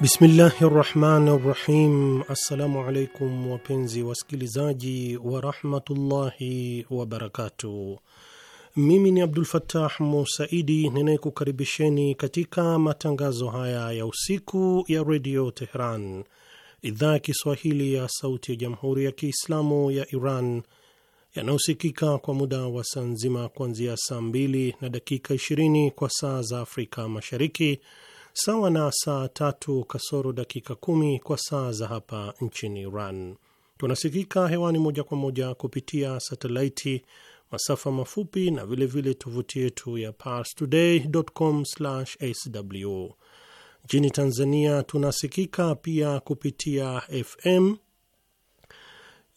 Bismillahi rahmani rahim. Assalamu alaikum wapenzi wasikilizaji warahmatullahi wabarakatuh. Mimi ni Abdul Fattah Musaidi ninayekukaribisheni katika matangazo haya ya usiku ya redio Tehran, idhaa ya Kiswahili ya sauti ya jamhuri ya Kiislamu ya Iran, yanayosikika kwa muda wa saa nzima kuanzia saa 2 na dakika 20 kwa saa za Afrika Mashariki, sawa na saa tatu kasoro dakika kumi kwa saa za hapa nchini Iran. Tunasikika hewani moja kwa moja kupitia satelaiti, masafa mafupi na vilevile tovuti yetu ya parstoday.com/sw. Nchini Tanzania tunasikika pia kupitia FM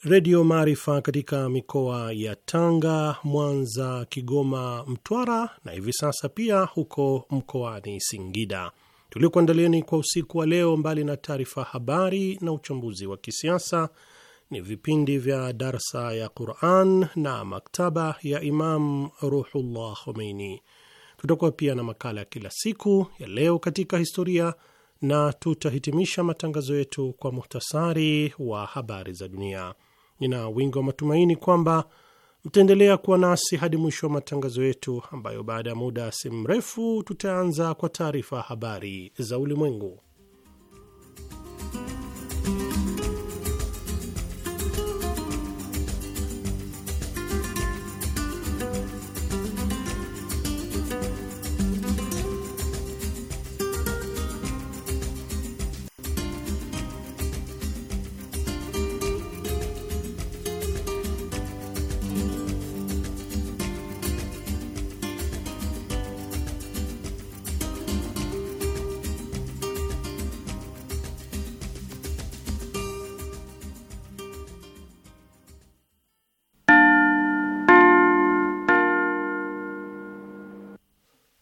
Redio Maarifa katika mikoa ya Tanga, Mwanza, Kigoma, Mtwara na hivi sasa pia huko mkoani Singida tuliokuandalieni kwa usiku wa leo, mbali na taarifa habari na uchambuzi wa kisiasa, ni vipindi vya darsa ya Quran na maktaba ya Imam Ruhullah Khomeini. Tutakuwa pia na makala ya kila siku ya leo katika historia na tutahitimisha matangazo yetu kwa muhtasari wa habari za dunia. Nina wingi wa matumaini kwamba Mtaendelea kuwa nasi hadi mwisho wa matangazo yetu, ambayo baada ya muda si mrefu tutaanza kwa taarifa habari za ulimwengu.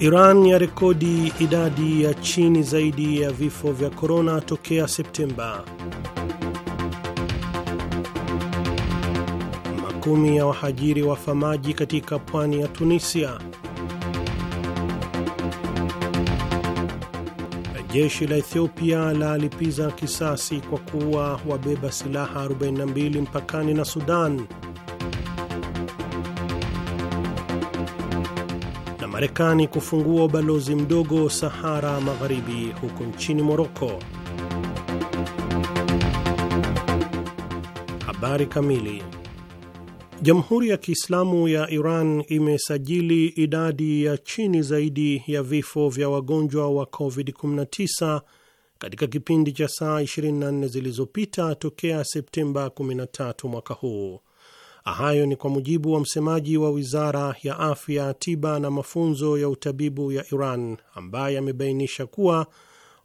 Iran ya rekodi idadi ya chini zaidi ya vifo vya korona tokea Septemba. Makumi ya wahajiri wafa maji katika pwani ya Tunisia. Jeshi la Ethiopia lalipiza kisasi kwa kuwa wabeba silaha 42 mpakani na Sudan. Marekani kufungua ubalozi mdogo Sahara Magharibi huko nchini Moroko. Habari kamili. Jamhuri ya Kiislamu ya Iran imesajili idadi ya chini zaidi ya vifo vya wagonjwa wa COVID-19 katika kipindi cha saa 24 zilizopita tokea Septemba 13 mwaka huu. Hayo ni kwa mujibu wa msemaji wa wizara ya afya, tiba na mafunzo ya utabibu ya Iran ambaye amebainisha kuwa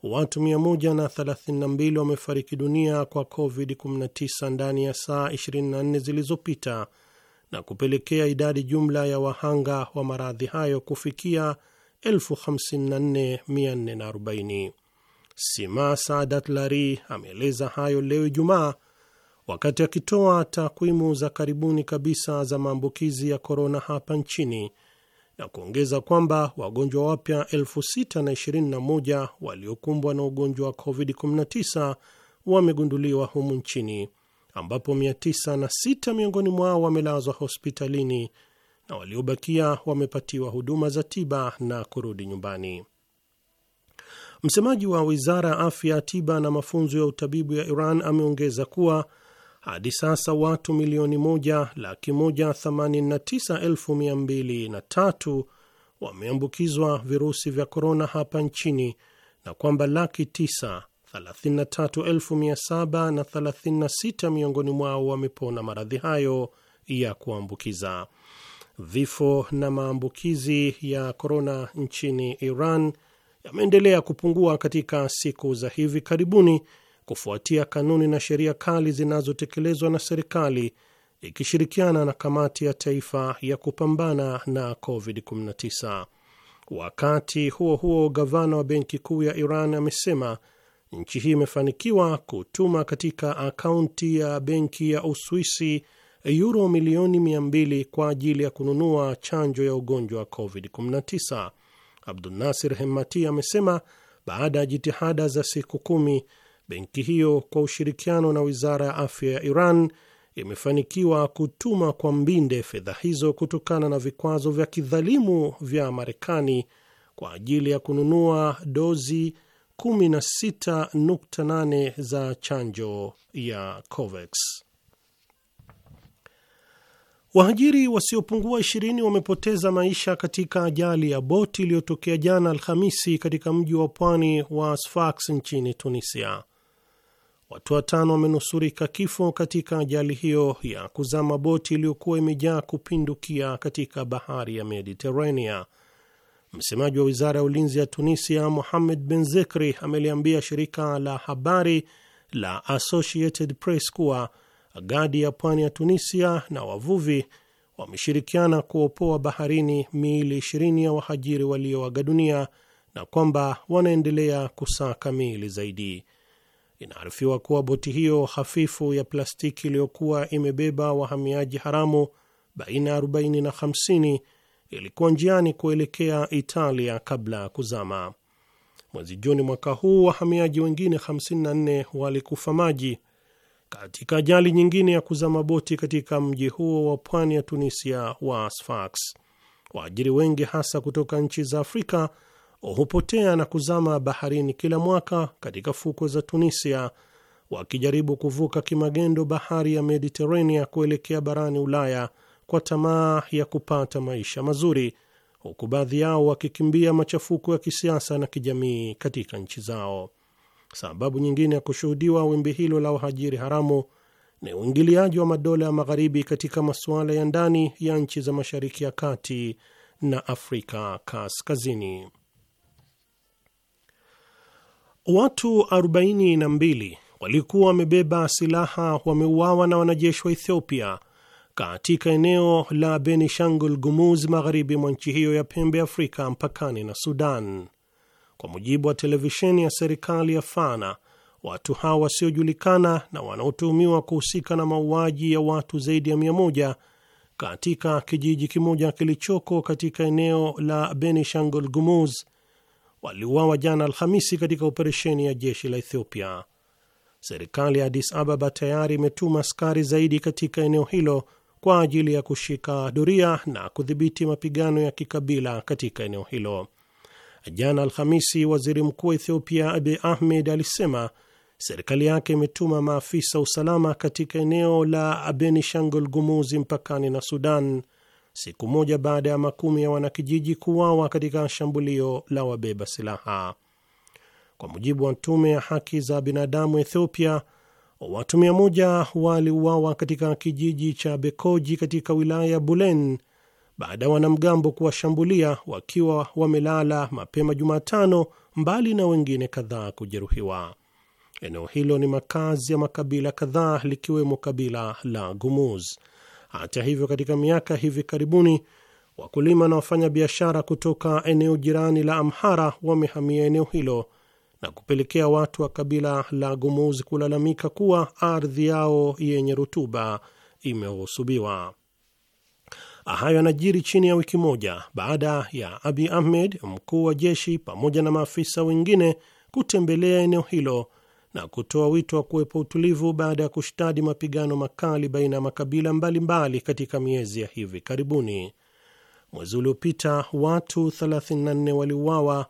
watu 132 wamefariki dunia kwa COVID-19 ndani ya saa 24 zilizopita na kupelekea idadi jumla ya wahanga wa maradhi hayo kufikia 54440. Sima Saadat Lari ameeleza hayo leo Ijumaa wakati akitoa takwimu za karibuni kabisa za maambukizi ya korona hapa nchini na kuongeza kwamba wagonjwa wapya 621 waliokumbwa na ugonjwa wa COVID-19 wamegunduliwa humu nchini ambapo 906 miongoni mwao wamelazwa hospitalini na waliobakia wamepatiwa huduma za tiba na kurudi nyumbani. Msemaji wa wizara ya afya, tiba na mafunzo ya utabibu ya Iran ameongeza kuwa hadi sasa watu milioni moja laki moja themanini na tisa elfu mia mbili na tatu wameambukizwa virusi vya korona hapa nchini na kwamba laki tisa thelathini na tatu elfu mia saba na thelathini na sita miongoni mwao wamepona maradhi hayo ya kuambukiza. Vifo na maambukizi ya korona nchini Iran yameendelea kupungua katika siku za hivi karibuni kufuatia kanuni na sheria kali zinazotekelezwa na serikali ikishirikiana na kamati ya taifa ya kupambana na COVID-19. Wakati huo huo, gavana wa benki kuu ya Iran amesema nchi hii imefanikiwa kutuma katika akaunti ya benki ya Uswisi euro milioni 200 kwa ajili ya kununua chanjo ya ugonjwa wa COVID-19. Abdunasir hemati amesema baada ya jitihada za siku kumi benki hiyo kwa ushirikiano na wizara ya afya ya Iran imefanikiwa kutuma kwa mbinde fedha hizo kutokana na vikwazo vya kidhalimu vya Marekani kwa ajili ya kununua dozi 16.8 za chanjo ya COVAX. Wahajiri wasiopungua 20 wamepoteza maisha katika ajali ya boti iliyotokea jana Alhamisi katika mji wa pwani wa Sfax nchini Tunisia. Watu watano wamenusurika kifo katika ajali hiyo ya kuzama boti iliyokuwa imejaa kupindukia katika bahari ya Mediterania. Msemaji wa wizara ya ulinzi ya Tunisia, Mohamed Ben Zekri, ameliambia shirika la habari la Associated Press kuwa gadi ya pwani ya Tunisia na wavuvi wameshirikiana kuopoa baharini miili ishirini ya wahajiri walioaga dunia na kwamba wanaendelea kusaka miili zaidi. Inaarifiwa kuwa boti hiyo hafifu ya plastiki iliyokuwa imebeba wahamiaji haramu baina ya 40 na 50 ilikuwa njiani kuelekea Italia kabla ya kuzama. Mwezi Juni mwaka huu wahamiaji wengine 54 walikufa maji katika ajali nyingine ya kuzama boti katika mji huo wa pwani ya Tunisia wa Sfax. Waajiri wengi hasa kutoka nchi za Afrika hupotea na kuzama baharini kila mwaka katika fukwe za Tunisia, wakijaribu kuvuka kimagendo bahari ya Mediterania kuelekea barani Ulaya kwa tamaa ya kupata maisha mazuri, huku baadhi yao wakikimbia machafuko ya kisiasa na kijamii katika nchi zao. Sababu nyingine ya kushuhudiwa wimbi hilo la wahajiri haramu ni uingiliaji wa madola ya magharibi katika masuala ya ndani ya nchi za Mashariki ya Kati na Afrika Kaskazini. Watu 42 walikuwa wamebeba silaha wameuawa na wanajeshi wa Ethiopia katika eneo la Benishangul Gumuz, magharibi mwa nchi hiyo ya pembe Afrika, mpakani na Sudan. Kwa mujibu wa televisheni ya serikali ya Fana, watu hawa wasiojulikana na wanaotuhumiwa kuhusika na mauaji ya watu zaidi ya 1 katika kijiji kimoja kilichoko katika eneo la Benishangul Gumuz waliuawa jana Alhamisi katika operesheni ya jeshi la Ethiopia. Serikali ya Addis Ababa tayari imetuma askari zaidi katika eneo hilo kwa ajili ya kushika doria na kudhibiti mapigano ya kikabila katika eneo hilo. Jana Alhamisi, waziri mkuu wa Ethiopia abi Ahmed alisema serikali yake imetuma maafisa usalama katika eneo la Benishangul Gumuzi mpakani na Sudan siku moja baada ya makumi ya wanakijiji kuuawa katika shambulio la wabeba silaha. Kwa mujibu wa tume ya haki za binadamu Ethiopia, watu mia moja waliuawa katika kijiji cha Bekoji katika wilaya ya Bulen baada ya wanamgambo kuwashambulia wakiwa wamelala mapema Jumatano, mbali na wengine kadhaa kujeruhiwa. Eneo hilo ni makazi ya makabila kadhaa likiwemo kabila la Gumuz. Hata hivyo, katika miaka hivi karibuni wakulima na wafanyabiashara kutoka eneo jirani la Amhara wamehamia eneo hilo na kupelekea watu wa kabila la Gumuz kulalamika kuwa ardhi yao yenye rutuba imehusubiwa. Hayo yanajiri chini ya wiki moja baada ya Abi Ahmed, mkuu wa jeshi, pamoja na maafisa wengine kutembelea eneo hilo na kutoa wito wa kuwepo utulivu baada ya kushtadi mapigano makali baina ya makabila mbalimbali mbali katika miezi ya hivi karibuni. Mwezi uliopita watu 34 waliuawa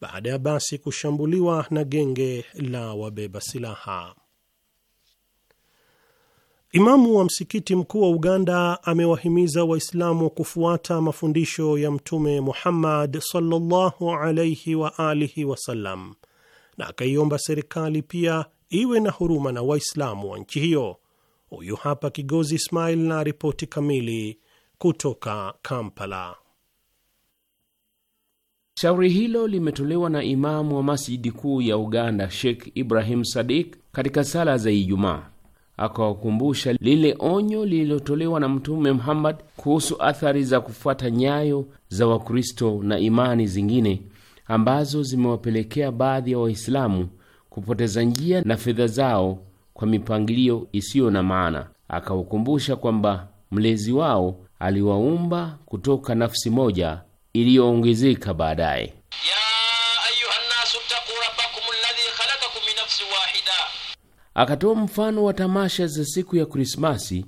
baada ya basi kushambuliwa na genge la wabeba silaha. Imamu wa msikiti mkuu wa Uganda amewahimiza Waislamu kufuata mafundisho ya Mtume Muhammad sallallahu alaihi wa alihi wasallam na akaiomba serikali pia iwe na huruma na Waislamu wa nchi hiyo. Huyu hapa Kigozi Ismail na ripoti kamili kutoka Kampala. Shauri hilo limetolewa na imamu wa masjidi kuu ya Uganda, Sheikh Ibrahim sadik katika sala za Ijumaa. Akawakumbusha lile onyo lililotolewa na Mtume Muhammad kuhusu athari za kufuata nyayo za Wakristo na imani zingine ambazo zimewapelekea baadhi ya Waislamu kupoteza njia na fedha zao kwa mipangilio isiyo na maana. Akawakumbusha kwamba mlezi wao aliwaumba kutoka nafsi moja iliyoongezeka baadaye. Akatoa mfano wa tamasha za siku ya Krismasi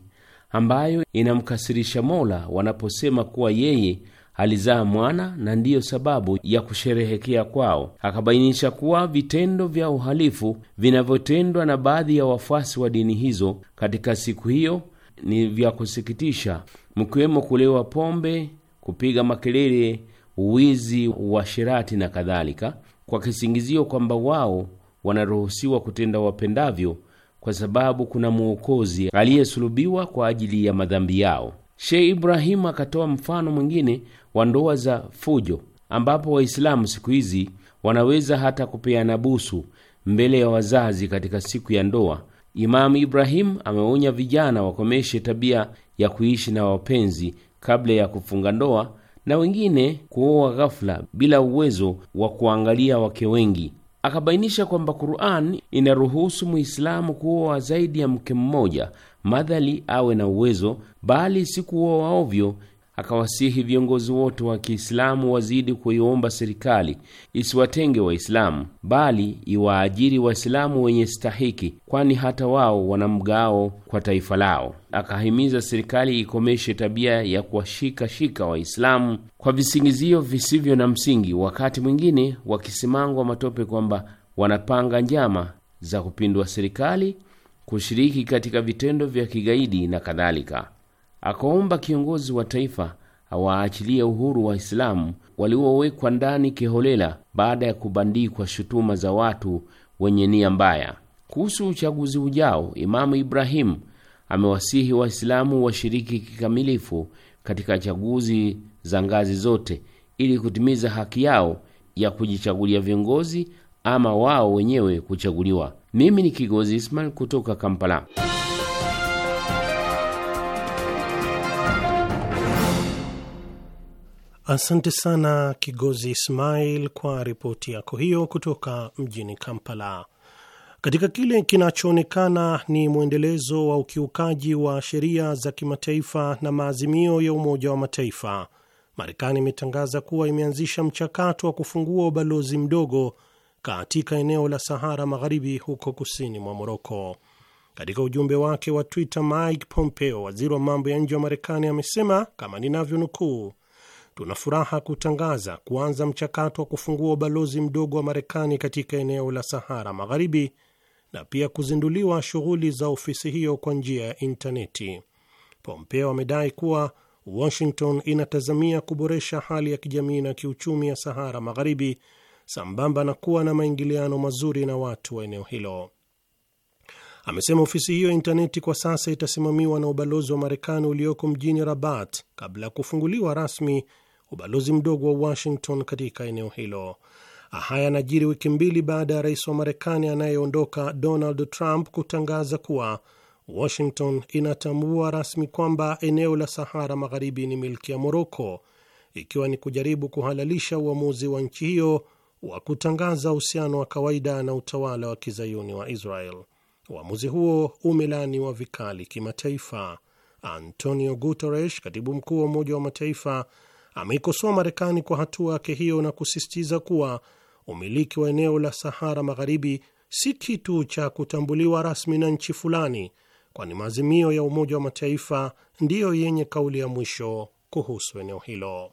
ambayo inamkasirisha Mola wanaposema kuwa yeye alizaa mwana na ndiyo sababu ya kusherehekea kwao. Akabainisha kuwa vitendo vya uhalifu vinavyotendwa na baadhi ya wafuasi wa dini hizo katika siku hiyo ni vya kusikitisha, mkiwemo kulewa pombe, kupiga makelele, uwizi, wa sherati na kadhalika, kwa kisingizio kwamba wao wanaruhusiwa kutenda wapendavyo kwa sababu kuna mwokozi aliyesulubiwa kwa ajili ya madhambi yao. Sheikh Ibrahimu akatoa mfano mwingine wa ndoa za fujo, ambapo Waislamu siku hizi wanaweza hata kupeana busu mbele ya wazazi katika siku ya ndoa. Imamu Ibrahimu ameonya vijana wakomeshe tabia ya kuishi na wapenzi kabla ya kufunga ndoa na wengine kuoa ghafla bila uwezo wa kuangalia wake wengi. Akabainisha kwamba Qur'an inaruhusu Muislamu kuoa zaidi ya mke mmoja madhali awe na uwezo, bali si ovyo. Akawasihi viongozi wote wa Kiislamu wazidi kuiomba serikali isiwatenge Waislamu, bali iwaajiri Waislamu wenye stahiki, kwani hata wao wana mgao kwa taifa lao. Akahimiza serikali ikomeshe tabia ya kuwashikashika Waislamu kwa visingizio visivyo na msingi, wakati mwingine wakisimangwa matope kwamba wanapanga njama za kupindua serikali kushiriki katika vitendo vya kigaidi na kadhalika. Akaomba kiongozi wa taifa awaachilie uhuru Waislamu waliowekwa ndani kiholela baada ya kubandikwa shutuma za watu wenye nia mbaya. Kuhusu uchaguzi ujao, Imamu Ibrahimu amewasihi Waislamu washiriki kikamilifu katika chaguzi za ngazi zote ili kutimiza haki yao ya kujichagulia viongozi ama wao wenyewe kuchaguliwa. Mimi ni Kigozi Ismail kutoka Kampala. Asante sana Kigozi Ismail kwa ripoti yako hiyo kutoka mjini Kampala. Katika kile kinachoonekana ni mwendelezo wa ukiukaji wa sheria za kimataifa na maazimio ya Umoja wa Mataifa, Marekani imetangaza kuwa imeanzisha mchakato wa kufungua ubalozi mdogo katika eneo la Sahara Magharibi huko kusini mwa Moroko. Katika ujumbe wake wa Twitter, Mike Pompeo, waziri wa mambo ya nje wa Marekani, amesema kama ninavyonukuu, tuna furaha kutangaza kuanza mchakato wa kufungua ubalozi mdogo wa Marekani katika eneo la Sahara Magharibi na pia kuzinduliwa shughuli za ofisi hiyo kwa njia ya intaneti. Pompeo amedai kuwa Washington inatazamia kuboresha hali ya kijamii na kiuchumi ya Sahara Magharibi sambamba na kuwa na maingiliano mazuri na watu wa eneo hilo. Amesema ofisi hiyo ya intaneti kwa sasa itasimamiwa na ubalozi wa Marekani ulioko mjini Rabat kabla ya kufunguliwa rasmi ubalozi mdogo wa Washington katika eneo hilo. Haya yanajiri wiki mbili baada ya rais wa Marekani anayeondoka Donald Trump kutangaza kuwa Washington inatambua rasmi kwamba eneo la Sahara Magharibi ni milki ya Moroko, ikiwa ni kujaribu kuhalalisha uamuzi wa nchi hiyo wa kutangaza uhusiano wa kawaida na utawala wa kizayuni wa Israel. Uamuzi huo umelaaniwa vikali kimataifa. Antonio Guterres, katibu mkuu wa Umoja wa Mataifa, ameikosoa Marekani kwa hatua yake hiyo na kusisitiza kuwa umiliki wa eneo la Sahara Magharibi si kitu cha kutambuliwa rasmi na nchi fulani, kwani maazimio ya Umoja wa Mataifa ndiyo yenye kauli ya mwisho kuhusu eneo hilo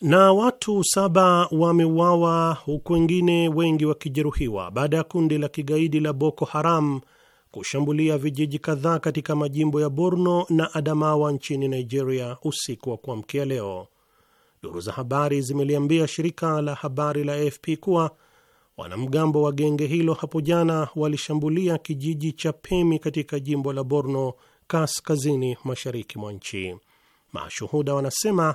na watu saba wameuawa huku wengine wengi wakijeruhiwa baada ya kundi la kigaidi la Boko Haram kushambulia vijiji kadhaa katika majimbo ya Borno na Adamawa nchini Nigeria usiku wa kuamkia leo. Duru za habari zimeliambia shirika la habari la AFP kuwa wanamgambo wa genge hilo hapo jana walishambulia kijiji cha Pemi katika jimbo la Borno kaskazini mashariki mwa nchi. Mashuhuda wanasema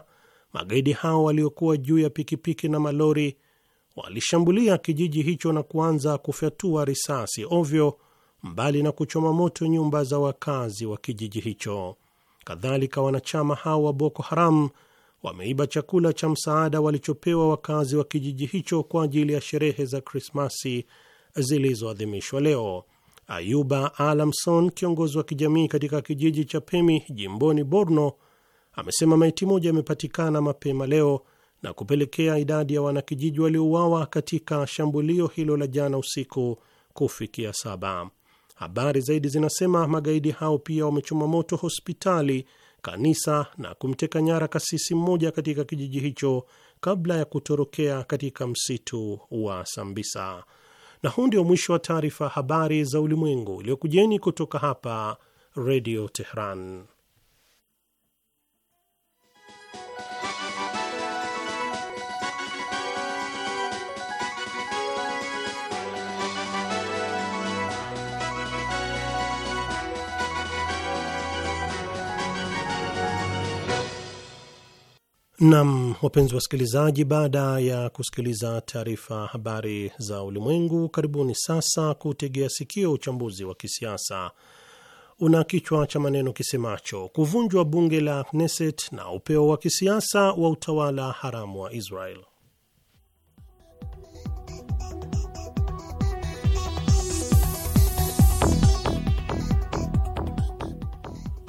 magaidi hao waliokuwa juu ya pikipiki na malori walishambulia kijiji hicho na kuanza kufyatua risasi ovyo, mbali na kuchoma moto nyumba za wakazi wa kijiji hicho. Kadhalika, wanachama hao wa Boko Haram wameiba chakula cha msaada walichopewa wakazi wa kijiji hicho kwa ajili ya sherehe za Krismasi zilizoadhimishwa leo. Ayuba Alamson, kiongozi wa kijamii katika kijiji cha Pemi jimboni Borno, amesema maiti moja imepatikana mapema leo na kupelekea idadi ya wanakijiji waliouawa katika shambulio hilo la jana usiku kufikia saba. Habari zaidi zinasema magaidi hao pia wamechoma moto hospitali, kanisa na kumteka nyara kasisi mmoja katika kijiji hicho kabla ya kutorokea katika msitu wa Sambisa. Na huu ndio mwisho wa taarifa habari za ulimwengu iliyokujeni kutoka hapa Redio Tehran. Nam, wapenzi wasikilizaji, baada ya kusikiliza taarifa habari za ulimwengu, karibuni sasa kutegea sikio uchambuzi wa kisiasa una kichwa cha maneno kisemacho kuvunjwa bunge la Knesset na upeo wa kisiasa wa utawala haramu wa Israel.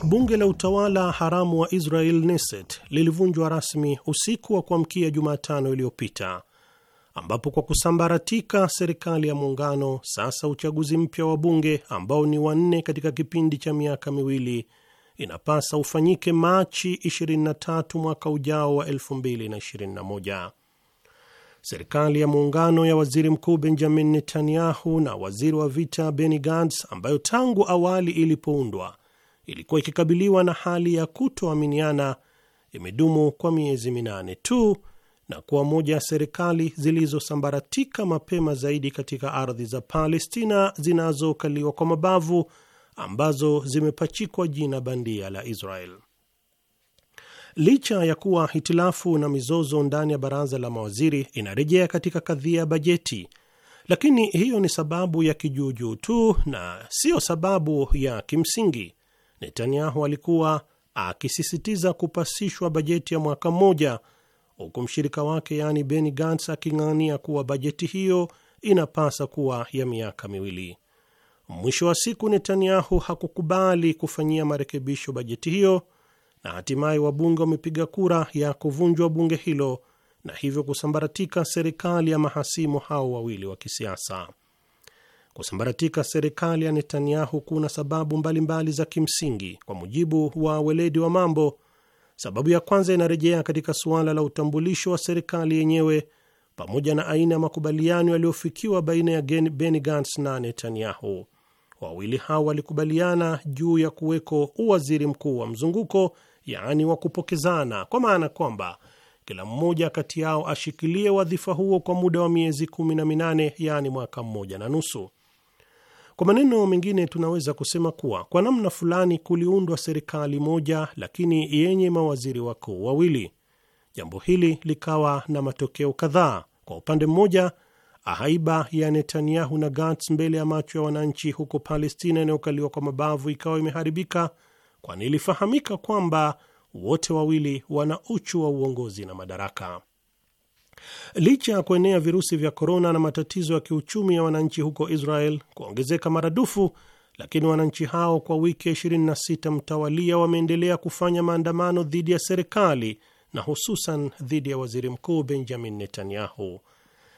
Bunge la utawala haramu wa Israel Knesset lilivunjwa rasmi usiku wa kuamkia Jumatano iliyopita, ambapo kwa kusambaratika serikali ya muungano, sasa uchaguzi mpya wa bunge ambao ni wanne katika kipindi cha miaka miwili inapasa ufanyike Machi 23 mwaka ujao wa 2021. Serikali ya muungano ya waziri mkuu Benjamin Netanyahu na waziri wa vita Benny Gantz, ambayo tangu awali ilipoundwa ilikuwa ikikabiliwa na hali ya kutoaminiana imedumu kwa miezi minane tu na kuwa moja ya serikali zilizosambaratika mapema zaidi katika ardhi za Palestina zinazokaliwa kwa mabavu ambazo zimepachikwa jina bandia la Israel. Licha ya kuwa hitilafu na mizozo ndani ya baraza la mawaziri inarejea katika kadhia ya bajeti, lakini hiyo ni sababu ya kijuujuu tu na siyo sababu ya kimsingi. Netanyahu alikuwa akisisitiza kupasishwa bajeti ya mwaka mmoja, huku mshirika wake yaani Benny Gantz aking'ang'ania kuwa bajeti hiyo inapasa kuwa ya miaka miwili. Mwisho wa siku, Netanyahu hakukubali kufanyia marekebisho bajeti hiyo na hatimaye wabunge wamepiga kura ya kuvunjwa bunge hilo na hivyo kusambaratika serikali ya mahasimu hao wawili wa kisiasa. Kusambaratika serikali ya Netanyahu kuna sababu mbalimbali mbali za kimsingi, kwa mujibu wa weledi wa mambo. Sababu ya kwanza inarejea katika suala la utambulisho wa serikali yenyewe pamoja na aina ya makubaliano yaliyofikiwa baina ya Benny Gantz na Netanyahu. Wawili hao walikubaliana juu ya kuweko uwaziri mkuu wa mzunguko, yaani wa kupokezana, kwa maana kwamba kila mmoja kati yao ashikilie wadhifa huo kwa muda wa miezi kumi na minane, yaani mwaka mmoja na nusu. Kwa maneno mengine, tunaweza kusema kuwa kwa namna fulani kuliundwa serikali moja, lakini yenye mawaziri wakuu wawili. Jambo hili likawa na matokeo kadhaa. Kwa upande mmoja, haiba ya Netanyahu na Gantz mbele ya macho ya wananchi huko Palestina inayokaliwa kwa mabavu ikawa imeharibika, kwani ilifahamika kwamba wote wawili wana uchu wa uongozi na madaraka. Licha ya kuenea virusi vya korona na matatizo ya kiuchumi ya wananchi huko Israel kuongezeka maradufu, lakini wananchi hao kwa wiki 26 mtawalia wameendelea kufanya maandamano dhidi ya serikali na hususan dhidi ya waziri mkuu Benjamin Netanyahu.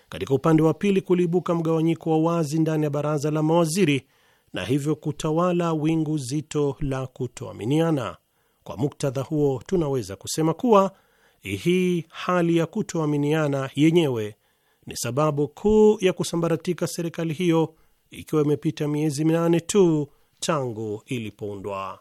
Katika upande wa pili, kuliibuka mgawanyiko wa wazi ndani ya baraza la mawaziri na hivyo kutawala wingu zito la kutoaminiana. Kwa muktadha huo, tunaweza kusema kuwa Eh, hii hali ya kutoaminiana yenyewe ni sababu kuu ya kusambaratika serikali hiyo, ikiwa imepita miezi minane tu tangu ilipoundwa.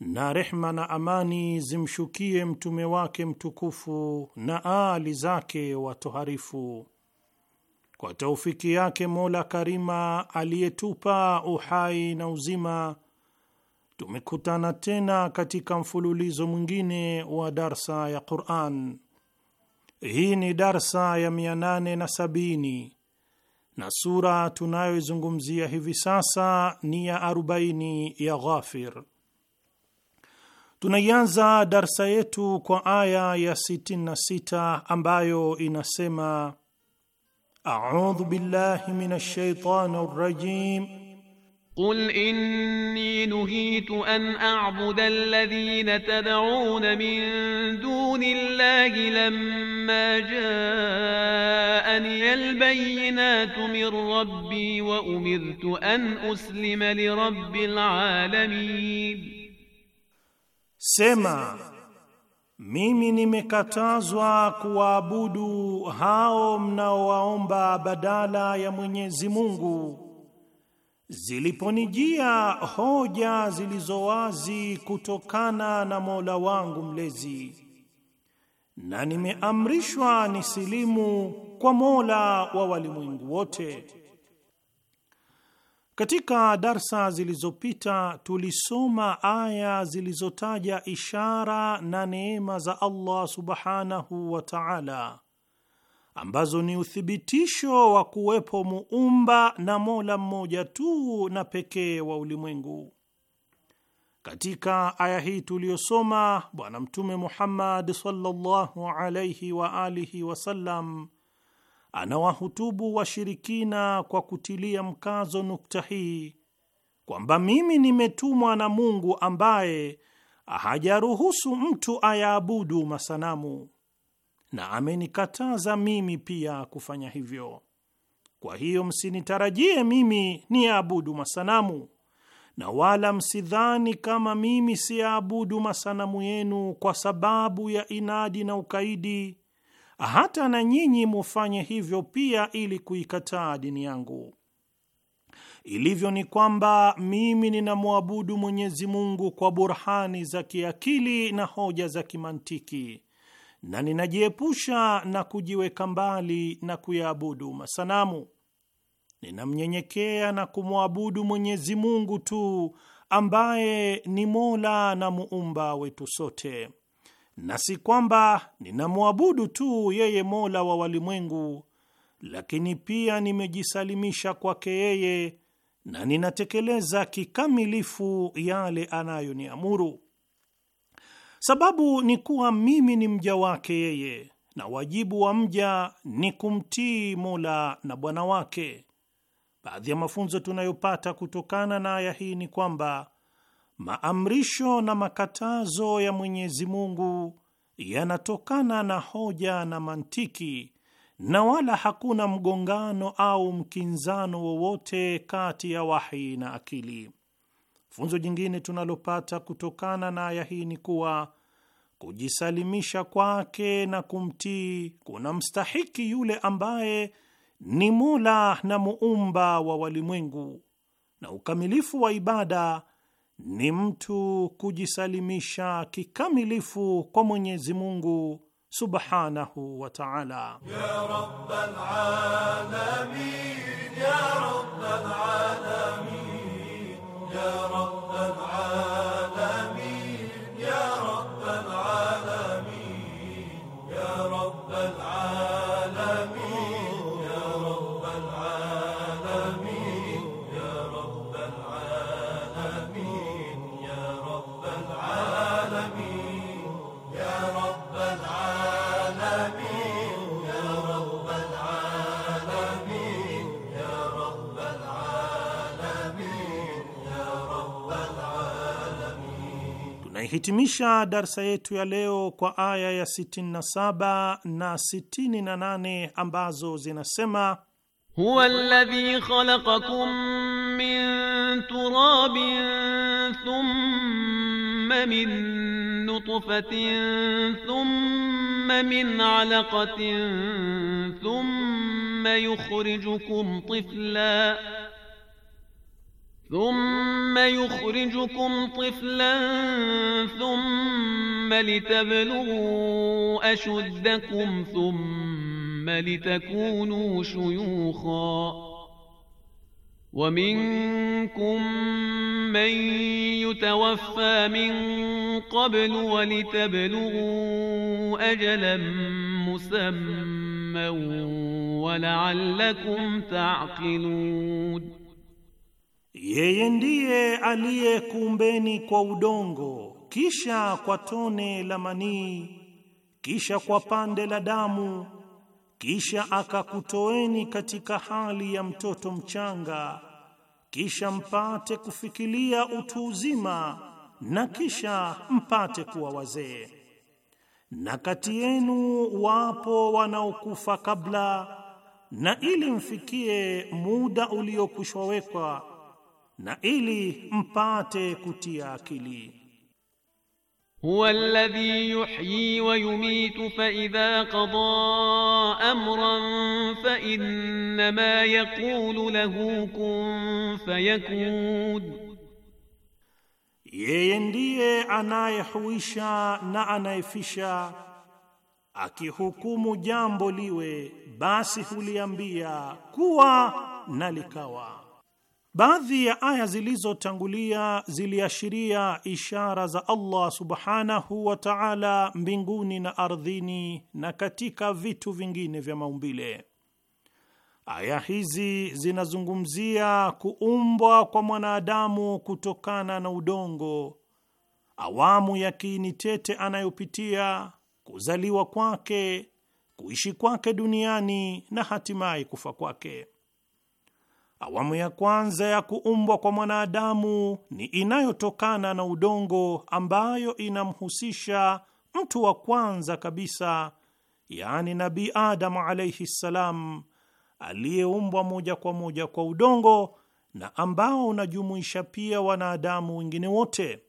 na rehma na amani zimshukie mtume wake mtukufu na aali zake watoharifu. Kwa taufiki yake Mola Karima aliyetupa uhai na uzima, tumekutana tena katika mfululizo mwingine wa darsa ya Quran. Hii ni darsa ya 870 na sura tunayoizungumzia hivi sasa ni ya 40 ya Ghafir. Tunaianza darsa yetu kwa aya ya 66 ambayo inasema: audhu billahi minash shaitani rrajim qul inni nuhitu an a'buda alladhina tad'un min duni llahi lamma ja'ani albayyinatu min rabbi wa umirtu an uslima lirabbil alamin Sema, mimi nimekatazwa kuwaabudu hao mnaowaomba badala ya Mwenyezi Mungu. Ziliponijia hoja zilizo wazi kutokana na Mola wangu mlezi, na nimeamrishwa nisilimu kwa Mola wa walimwengu wote. Katika darsa zilizopita tulisoma aya zilizotaja ishara na neema za Allah subhanahu wa ta'ala ambazo ni uthibitisho wa kuwepo muumba na mola mmoja tu na pekee wa ulimwengu. Katika aya hii tuliyosoma, Bwana Mtume Muhammad sallallahu alayhi wa alihi wasallam anawahutubu washirikina kwa kutilia mkazo nukta hii kwamba mimi nimetumwa na Mungu ambaye hajaruhusu mtu ayaabudu masanamu na amenikataza mimi pia kufanya hivyo. Kwa hiyo msinitarajie mimi niyaabudu masanamu, na wala msidhani kama mimi siyaabudu masanamu yenu kwa sababu ya inadi na ukaidi hata na nyinyi mufanye hivyo pia, ili kuikataa dini yangu. Ilivyo ni kwamba mimi ninamwabudu Mwenyezi Mungu kwa burhani za kiakili na hoja za kimantiki, na ninajiepusha na kujiweka mbali na kuyaabudu masanamu. Ninamnyenyekea na kumwabudu Mwenyezi Mungu tu ambaye ni Mola na muumba wetu sote na si kwamba ninamwabudu tu yeye Mola wa walimwengu, lakini pia nimejisalimisha kwake yeye na ninatekeleza kikamilifu yale anayoniamuru. Sababu ni kuwa mimi ni mja wake yeye, na wajibu wa mja ni kumtii Mola na bwana wake. Baadhi ya mafunzo tunayopata kutokana na aya hii ni kwamba maamrisho na makatazo ya Mwenyezi Mungu yanatokana na hoja na mantiki na wala hakuna mgongano au mkinzano wowote kati ya wahi na akili. Funzo jingine tunalopata kutokana na aya hii ni kuwa kujisalimisha kwake na kumtii kuna mstahiki yule ambaye ni Mola na muumba wa walimwengu, na ukamilifu wa ibada ni mtu kujisalimisha kikamilifu kwa Mwenyezi Mungu subhanahu wa ta'ala. Ya Tunahitimisha darsa yetu ya leo kwa aya ya 67 na 68 ambazo zinasema: huwa alladhi khalaqakum min turabin thumma min nutfatin thumma min alaqatin thumma yukhrijukum tiflan ثم يخرجكم طفلا ثم لتبلغوا أشدكم ثم لتكونوا شيوخا ومنكم من يتوفى من قبل ولتبلغوا أجلا مسمى ولعلكم تعقلون Yeye ndiye aliyekuumbeni kwa udongo, kisha kwa tone la manii, kisha kwa pande la damu, kisha akakutoeni katika hali ya mtoto mchanga, kisha mpate kufikilia utu uzima, na kisha mpate kuwa wazee. Na kati yenu wapo wanaokufa kabla, na ili mfikie muda uliokushawekwa na ili mpate kutia akili. Huwa alladhi yuhyi wa yumitu fa idha qada amran fa ma yaqulu lahu kun fayakun, yeye ndiye anayehuisha na anayefisha, akihukumu jambo liwe, basi huliambia kuwa na likawa. Baadhi ya aya zilizotangulia ziliashiria ishara za Allah subhanahu wa ta'ala mbinguni na ardhini na katika vitu vingine vya maumbile. Aya hizi zinazungumzia kuumbwa kwa mwanadamu kutokana na udongo, awamu ya kiini tete anayopitia, kuzaliwa kwake, kuishi kwake duniani na hatimaye kufa kwake. Awamu ya kwanza ya kuumbwa kwa mwanadamu ni inayotokana na udongo ambayo inamhusisha mtu wa kwanza kabisa, yaani nabi Adamu alaihi ssalam, aliyeumbwa moja kwa moja kwa udongo na ambao unajumuisha pia wanadamu wengine wote,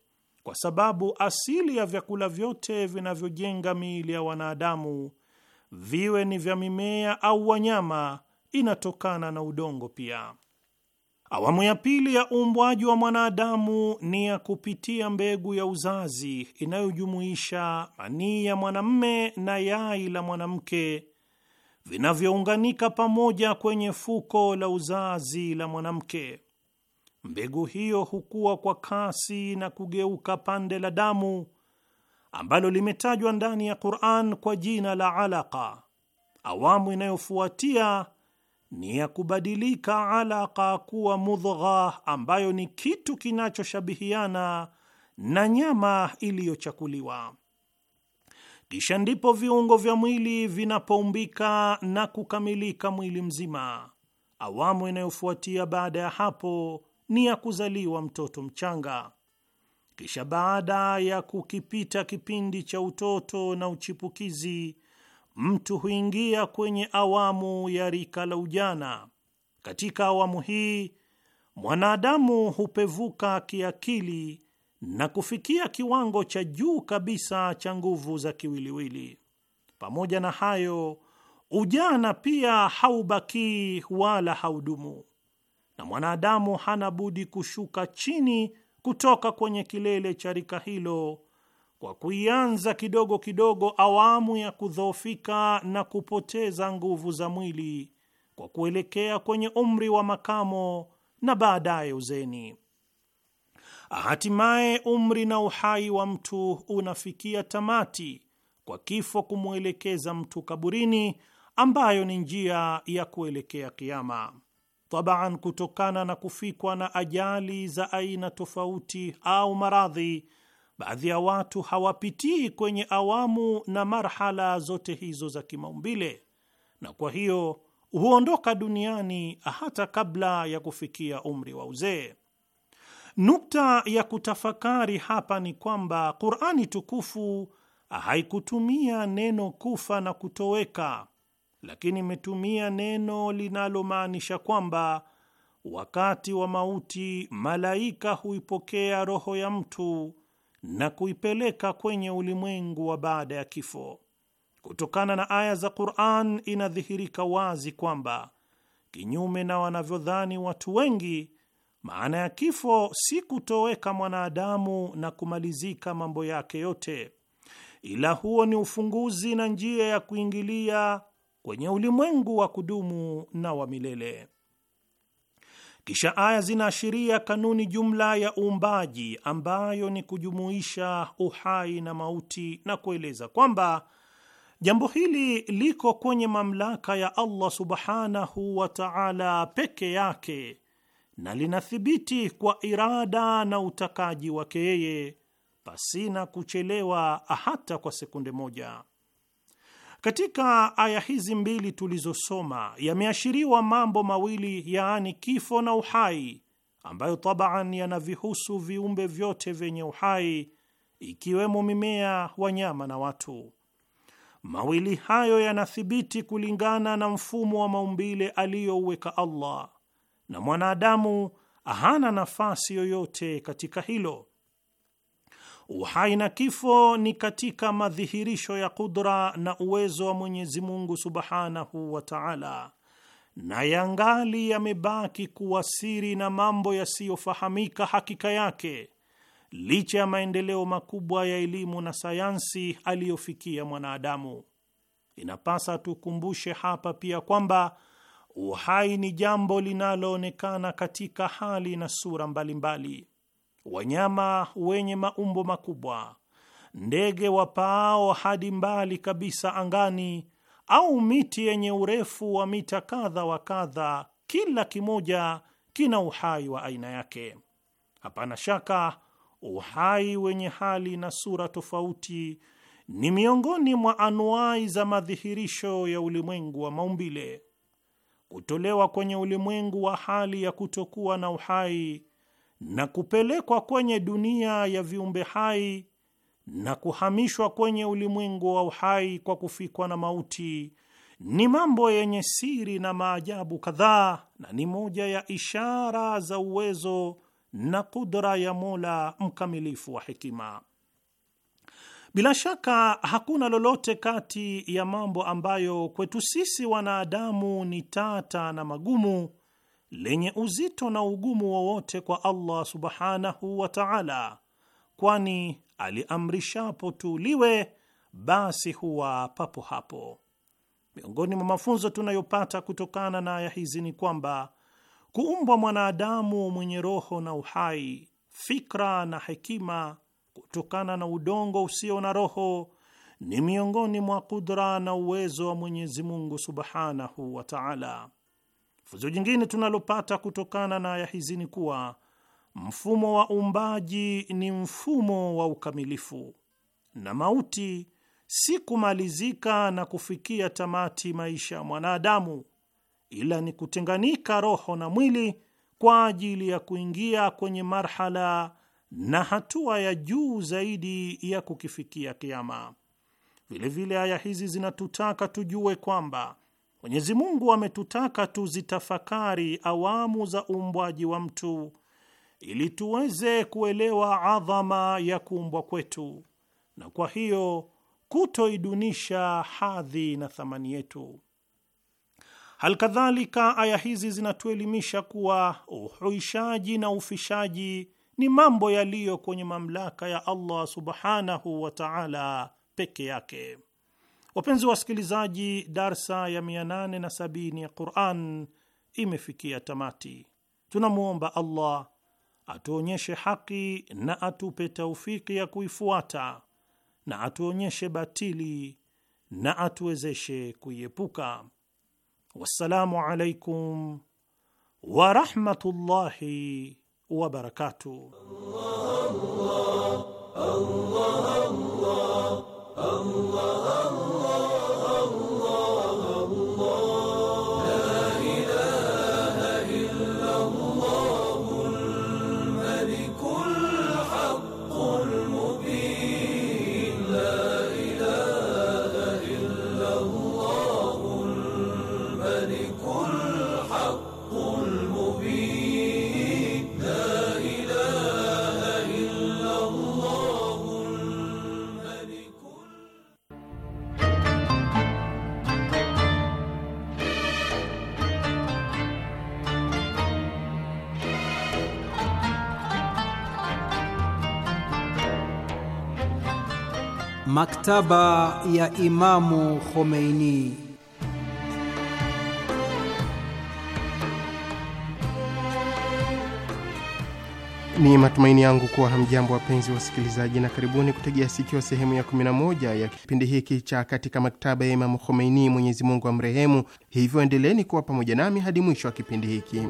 kwa sababu asili ya vyakula vyote vinavyojenga miili ya wanadamu viwe ni vya mimea au wanyama inatokana na udongo pia. Awamu ya pili ya uumbwaji wa mwanadamu ni ya kupitia mbegu ya uzazi inayojumuisha manii ya mwanamme na yai la mwanamke vinavyounganika pamoja kwenye fuko la uzazi la mwanamke. Mbegu hiyo hukua kwa kasi na kugeuka pande la damu ambalo limetajwa ndani ya Qur'an kwa jina la alaka. Awamu inayofuatia ni ya kubadilika alaka kuwa mudgha, ambayo ni kitu kinachoshabihiana na nyama iliyochakuliwa. Kisha ndipo viungo vya mwili vinapoumbika na kukamilika mwili mzima. Awamu inayofuatia baada ya hapo ni ya kuzaliwa mtoto mchanga. Kisha baada ya kukipita kipindi cha utoto na uchipukizi mtu huingia kwenye awamu ya rika la ujana. Katika awamu hii mwanadamu hupevuka kiakili na kufikia kiwango cha juu kabisa cha nguvu za kiwiliwili. Pamoja na hayo, ujana pia haubakii wala haudumu, na mwanadamu hana budi kushuka chini kutoka kwenye kilele cha rika hilo kwa kuianza kidogo kidogo awamu ya kudhoofika na kupoteza nguvu za mwili kwa kuelekea kwenye umri wa makamo na baadaye uzeni. Hatimaye umri na uhai wa mtu unafikia tamati kwa kifo kumwelekeza mtu kaburini, ambayo ni njia ya kuelekea kiama. Tabaan, kutokana na kufikwa na ajali za aina tofauti au maradhi baadhi ya watu hawapitii kwenye awamu na marhala zote hizo za kimaumbile, na kwa hiyo huondoka duniani hata kabla ya kufikia umri wa uzee. Nukta ya kutafakari hapa ni kwamba Qur'ani tukufu haikutumia neno kufa na kutoweka, lakini imetumia neno linalomaanisha kwamba wakati wa mauti malaika huipokea roho ya mtu na kuipeleka kwenye ulimwengu wa baada ya kifo. Kutokana na aya za Qur'an inadhihirika wazi kwamba kinyume na wanavyodhani watu wengi, maana ya kifo si kutoweka mwanadamu na kumalizika mambo yake yote, ila huo ni ufunguzi na njia ya kuingilia kwenye ulimwengu wa kudumu na wa milele. Kisha aya zinaashiria kanuni jumla ya uumbaji ambayo ni kujumuisha uhai na mauti, na kueleza kwamba jambo hili liko kwenye mamlaka ya Allah subhanahu wa ta'ala peke yake na linathibiti kwa irada na utakaji wake yeye, pasina kuchelewa hata kwa sekunde moja. Katika aya hizi mbili tulizosoma yameashiriwa mambo mawili, yaani kifo na uhai, ambayo tabaan yanavihusu viumbe vyote vyenye uhai, ikiwemo mimea, wanyama na watu. Mawili hayo yanathibiti kulingana na mfumo wa maumbile aliyouweka Allah, na mwanadamu hana nafasi yoyote katika hilo. Uhai na kifo ni katika madhihirisho ya kudra na uwezo wa Mwenyezi Mungu subhanahu wa taala, na yangali yamebaki kuwa siri na mambo yasiyofahamika hakika yake, licha ya maendeleo makubwa ya elimu na sayansi aliyofikia mwanadamu. Inapasa tukumbushe hapa pia kwamba uhai ni jambo linaloonekana katika hali na sura mbalimbali mbali wanyama wenye maumbo makubwa, ndege wapaao hadi mbali kabisa angani, au miti yenye urefu wa mita kadha wa kadha, kila kimoja kina uhai wa aina yake. Hapana shaka uhai wenye hali na sura tofauti ni miongoni mwa anuai za madhihirisho ya ulimwengu wa maumbile. Kutolewa kwenye ulimwengu wa hali ya kutokuwa na uhai na kupelekwa kwenye dunia ya viumbe hai na kuhamishwa kwenye ulimwengu wa uhai kwa kufikwa na mauti ni mambo yenye siri na maajabu kadhaa, na ni moja ya ishara za uwezo na kudra ya Mola mkamilifu wa hekima. Bila shaka hakuna lolote kati ya mambo ambayo kwetu sisi wanadamu ni tata na magumu lenye uzito na ugumu wowote kwa Allah subhanahu wa ta'ala, kwani aliamrishapo tuliwe basi huwa papo hapo. Miongoni mwa mafunzo tunayopata kutokana na aya hizi ni kwamba kuumbwa mwanadamu mwenye roho na uhai, fikra na hekima kutokana na udongo usio na roho ni miongoni mwa kudra na uwezo wa Mwenyezi Mungu subhanahu wa ta'ala. Funzo jingine tunalopata kutokana na aya hizi ni kuwa mfumo wa uumbaji ni mfumo wa ukamilifu na mauti si kumalizika na kufikia tamati maisha ya mwanadamu, ila ni kutenganika roho na mwili kwa ajili ya kuingia kwenye marhala na hatua ya juu zaidi ya kukifikia kiama. Vilevile aya hizi zinatutaka tujue kwamba Mwenyezi Mungu ametutaka tuzitafakari awamu za uumbwaji wa mtu ili tuweze kuelewa adhama ya kuumbwa kwetu, na kwa hiyo kutoidunisha hadhi na thamani yetu. Halkadhalika, aya hizi zinatuelimisha kuwa uhuishaji na ufishaji ni mambo yaliyo kwenye mamlaka ya Allah subhanahu wa ta'ala peke yake. Wapenzi wa wasikilizaji, darsa ya 870 ya Quran imefikia tamati. Tunamwomba Allah atuonyeshe haki na atupe taufiki ya kuifuata na atuonyeshe batili na atuwezeshe kuiepuka. Wassalamu alaikum warahmatullahi wabarakatuh. Allah, Allah, Allah, Allah. الله الله Maktaba ya Imamu Khomeini. Ni matumaini yangu kuwa hamjambo wapenzi wasikilizaji, na karibuni kutegea sikio sehemu ya 11 ya kipindi hiki cha katika maktaba ya Imamu Khomeini, Mwenyezi Mungu amrehemu. Hivyo endeleeni kuwa pamoja nami hadi mwisho wa kipindi hiki.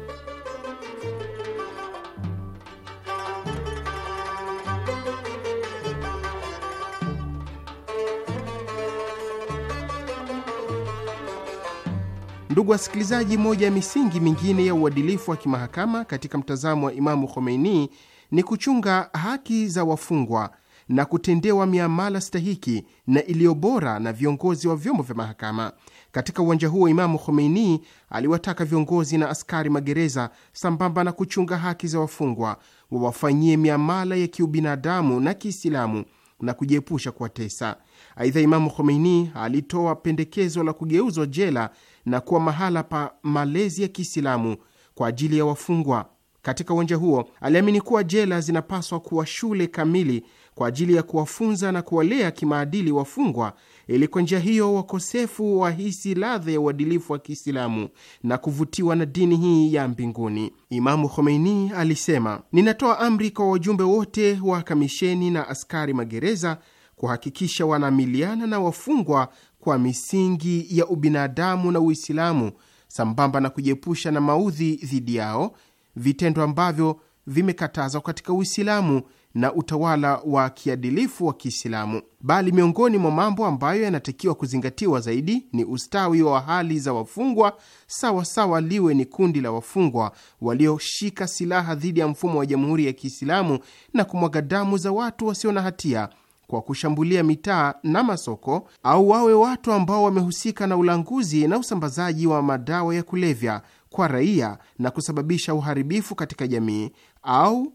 Ndugu wasikilizaji, moja ya misingi mingine ya uadilifu wa kimahakama katika mtazamo wa Imamu Khomeini ni kuchunga haki za wafungwa na kutendewa miamala stahiki na iliyo bora na viongozi wa vyombo vya mahakama. Katika uwanja huo, Imamu Khomeini aliwataka viongozi na askari magereza, sambamba na kuchunga haki za wafungwa, wawafanyie miamala ya kiubinadamu na Kiislamu na kujiepusha kuwatesa. Aidha, Imamu Khomeini alitoa pendekezo la kugeuzwa jela na kuwa mahala pa malezi ya Kiislamu kwa ajili ya wafungwa. Katika uwanja huo, aliamini kuwa jela zinapaswa kuwa shule kamili kwa ajili ya kuwafunza na kuwalea kimaadili wafungwa, ili kwa njia hiyo wakosefu wahisi ladha ya uadilifu wa Kiislamu na kuvutiwa na dini hii ya mbinguni. Imamu Khomeini alisema, ninatoa amri kwa wajumbe wote wa kamisheni na askari magereza kuhakikisha wanaamiliana na wafungwa kwa misingi ya ubinadamu na Uislamu, sambamba na kujiepusha na maudhi dhidi yao, vitendo ambavyo vimekatazwa katika Uislamu na utawala wa kiadilifu wa Kiislamu. Bali miongoni mwa mambo ambayo yanatakiwa kuzingatiwa zaidi ni ustawi wa hali za wafungwa, sawa sawa liwe ni kundi la wafungwa walioshika silaha dhidi ya mfumo wa Jamhuri ya Kiislamu na kumwaga damu za watu wasio na hatia kwa kushambulia mitaa na masoko au wawe watu ambao wamehusika na ulanguzi na usambazaji wa madawa ya kulevya kwa raia na kusababisha uharibifu katika jamii au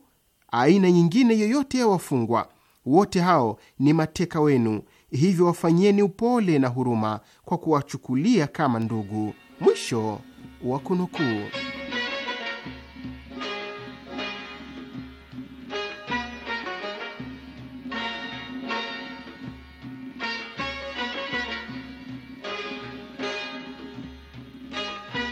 aina nyingine yoyote ya wafungwa, wote hao ni mateka wenu, hivyo wafanyieni upole na huruma kwa kuwachukulia kama ndugu. Mwisho wa kunukuu.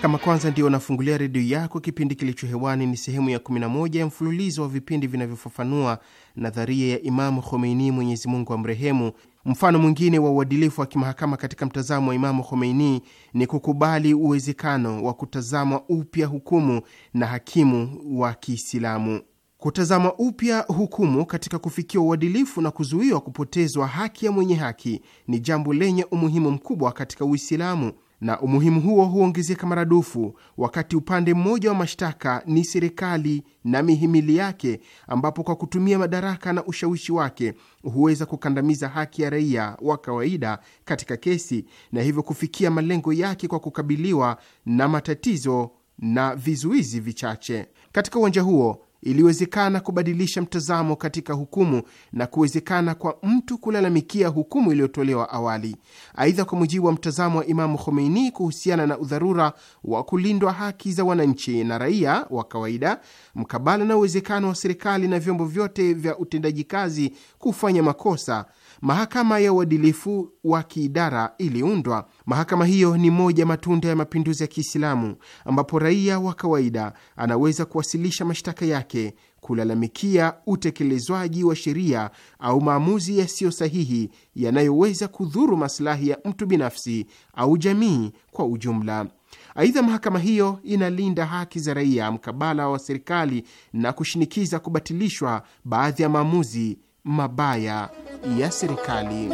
Kama kwanza ndio unafungulia redio yako, kipindi kilicho hewani ni sehemu ya 11 ya mfululizo wa vipindi vinavyofafanua nadharia ya Imamu Khomeini, Mwenyezi Mungu amrehemu. Mfano mwingine wa uadilifu wa kimahakama katika mtazamo wa Imamu Khomeini ni kukubali uwezekano wa kutazama upya hukumu na hakimu wa Kiislamu. Kutazama upya hukumu katika kufikia uadilifu na kuzuiwa kupotezwa haki ya mwenye haki ni jambo lenye umuhimu mkubwa katika Uislamu na umuhimu huo huongezeka maradufu wakati upande mmoja wa mashtaka ni serikali na mihimili yake, ambapo kwa kutumia madaraka na ushawishi wake huweza kukandamiza haki ya raia wa kawaida katika kesi, na hivyo kufikia malengo yake kwa kukabiliwa na matatizo na vizuizi vichache. Katika uwanja huo iliwezekana kubadilisha mtazamo katika hukumu na kuwezekana kwa mtu kulalamikia hukumu iliyotolewa awali. Aidha, kwa mujibu wa mtazamo wa Imamu Khomeini kuhusiana na udharura wa kulindwa haki za wananchi na raia wa kawaida, mkabala na uwezekano wa serikali na vyombo vyote vya utendaji kazi kufanya makosa mahakama ya uadilifu wa kiidara iliundwa. Mahakama hiyo ni moja matunda ya mapinduzi ya Kiislamu, ambapo raia wa kawaida anaweza kuwasilisha mashtaka yake, kulalamikia utekelezwaji wa sheria au maamuzi yasiyo sahihi yanayoweza kudhuru masilahi ya mtu binafsi au jamii kwa ujumla. Aidha, mahakama hiyo inalinda haki za raia mkabala wa serikali na kushinikiza kubatilishwa baadhi ya maamuzi mabaya ya serikali.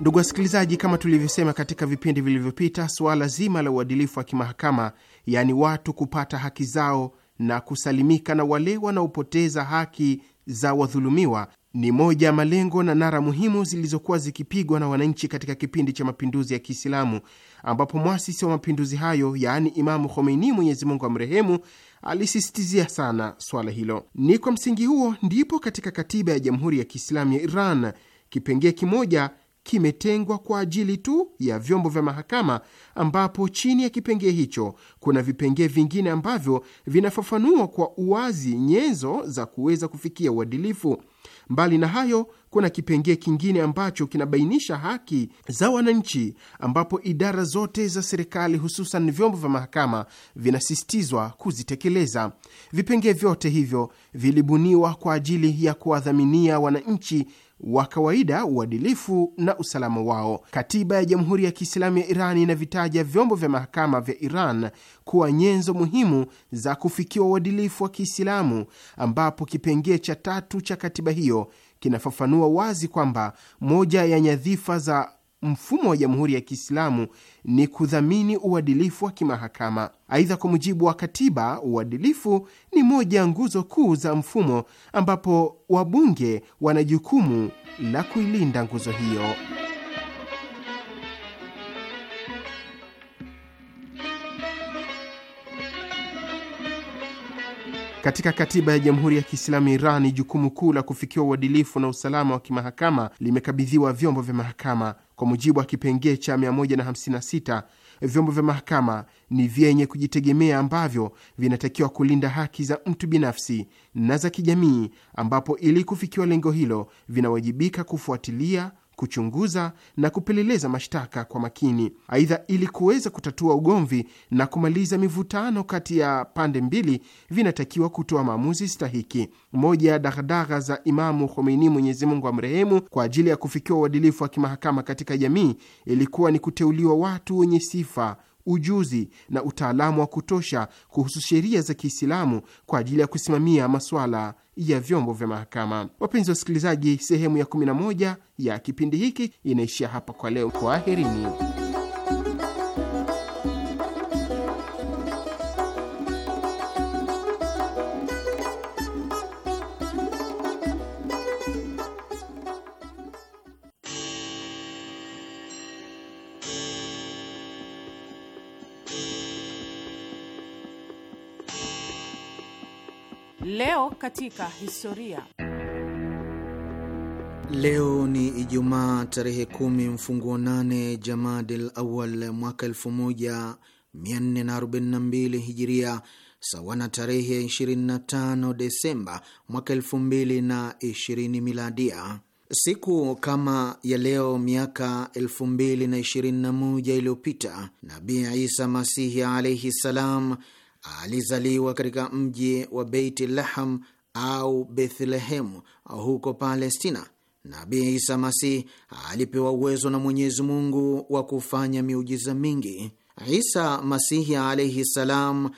Ndugu wasikilizaji, kama tulivyosema katika vipindi vilivyopita, suala zima la uadilifu wa kimahakama, yaani watu kupata haki zao na kusalimika na wale wanaopoteza haki za wadhulumiwa ni moja ya malengo na nara muhimu zilizokuwa zikipigwa na wananchi katika kipindi cha mapinduzi ya Kiislamu, ambapo mwasisi wa mapinduzi hayo, yaani Imamu Khomeini, Mwenyezi Mungu amrehemu, alisisitizia sana swala hilo. Ni kwa msingi huo ndipo katika katiba ya Jamhuri ya Kiislamu ya Iran kipengee kimoja kimetengwa kwa ajili tu ya vyombo vya mahakama, ambapo chini ya kipengee hicho kuna vipengee vingine ambavyo vinafafanua kwa uwazi nyenzo za kuweza kufikia uadilifu. Mbali na hayo, kuna kipengee kingine ambacho kinabainisha haki za wananchi, ambapo idara zote za serikali, hususan vyombo vya mahakama, vinasisitizwa kuzitekeleza. Vipengee vyote hivyo vilibuniwa kwa ajili ya kuwadhaminia wananchi wa kawaida, uadilifu na usalama wao. Katiba ya Jamhuri ya Kiislamu ya Iran inavitaja vyombo vya mahakama vya Iran kuwa nyenzo muhimu za kufikiwa uadilifu wa Kiislamu, ambapo kipengee cha tatu cha katiba hiyo kinafafanua wazi kwamba moja ya nyadhifa za mfumo wa Jamhuri ya Kiislamu ni kudhamini uadilifu wa kimahakama. Aidha, kwa mujibu wa katiba, uadilifu ni moja ya nguzo kuu za mfumo, ambapo wabunge wana jukumu la kuilinda nguzo hiyo. Katika katiba ya Jamhuri ya Kiislamu Irani, jukumu kuu la kufikiwa uadilifu na usalama wa kimahakama limekabidhiwa vyombo vya mahakama. Kwa mujibu wa kipengee cha 156, vyombo vya mahakama ni vyenye kujitegemea ambavyo vinatakiwa kulinda haki za mtu binafsi na za kijamii, ambapo ili kufikiwa lengo hilo vinawajibika kufuatilia kuchunguza na kupeleleza mashtaka kwa makini. Aidha, ili kuweza kutatua ugomvi na kumaliza mivutano kati ya pande mbili, vinatakiwa kutoa maamuzi stahiki. Moja ya daghdagha za Imamu Khomeini, Mwenyezi Mungu amrehemu, kwa ajili ya kufikiwa uadilifu wa kimahakama katika jamii ilikuwa ni kuteuliwa watu wenye sifa ujuzi na utaalamu wa kutosha kuhusu sheria za Kiislamu kwa ajili ya kusimamia masuala ya vyombo vya mahakama. Wapenzi wa wasikilizaji, sehemu ya 11 ya kipindi hiki inaishia hapa kwa leo. Kwaherini. Leo katika historia. Leo ni Ijumaa tarehe kumi mfunguo nane Jamadil Awal mwaka 1442 Hijiria, sawa na tarehe 25 Desemba mwaka 2020 Miladia. Siku kama ya leo miaka 2021 iliyopita Nabii Isa Masihi alaihi ssalam alizaliwa katika mji wa Beit Laham au Bethlehemu huko Palestina. nabi Isa Masih alipewa uwezo na Mwenyezi Mungu wa kufanya miujiza mingi. Isa Masihi alaihi salam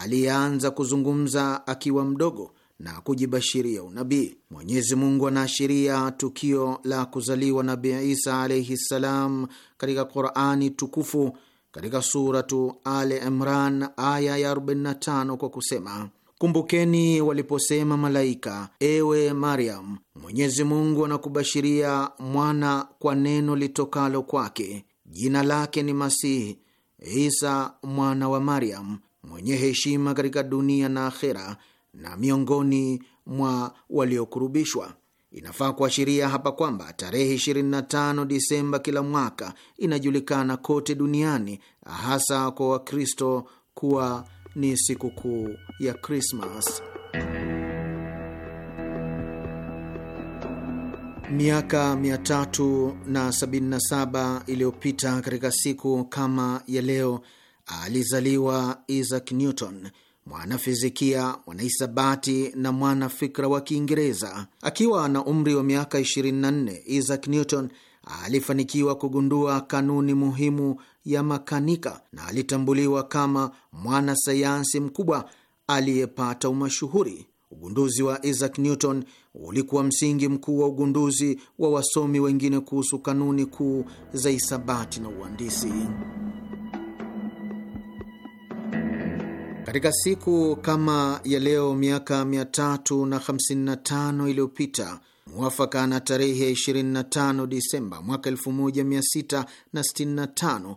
alianza kuzungumza akiwa mdogo na kujibashiria unabii. Mwenyezi Mungu anaashiria tukio la kuzaliwa nabi Isa alaihi salam katika Qurani tukufu katika Suratu Al Imran aya ya 45 kwa kusema Kumbukeni waliposema malaika, ewe Maryam, Mwenyezi Mungu anakubashiria mwana kwa neno litokalo kwake, jina lake ni Masihi Isa mwana wa Maryam, mwenye heshima katika dunia na akhera, na miongoni mwa waliokurubishwa. Inafaa kuashiria hapa kwamba tarehe 25 Disemba kila mwaka inajulikana kote duniani, hasa kwa Wakristo kuwa ni sikukuu ya Krismas. Miaka 377 iliyopita katika siku kama ya leo alizaliwa Isaac Newton, mwanafizikia, mwanahisabati na mwanafikra wa Kiingereza. Akiwa na umri wa miaka 24, Isaac Newton alifanikiwa kugundua kanuni muhimu ya makanika na alitambuliwa kama mwanasayansi mkubwa aliyepata umashuhuri. Ugunduzi wa Isaac Newton ulikuwa msingi mkuu wa ugunduzi wa wasomi wengine kuhusu kanuni kuu za hisabati na uhandisi. Katika siku kama ya leo miaka 355 iliyopita mwafaka na tarehe ya 25 Disemba mwaka 1665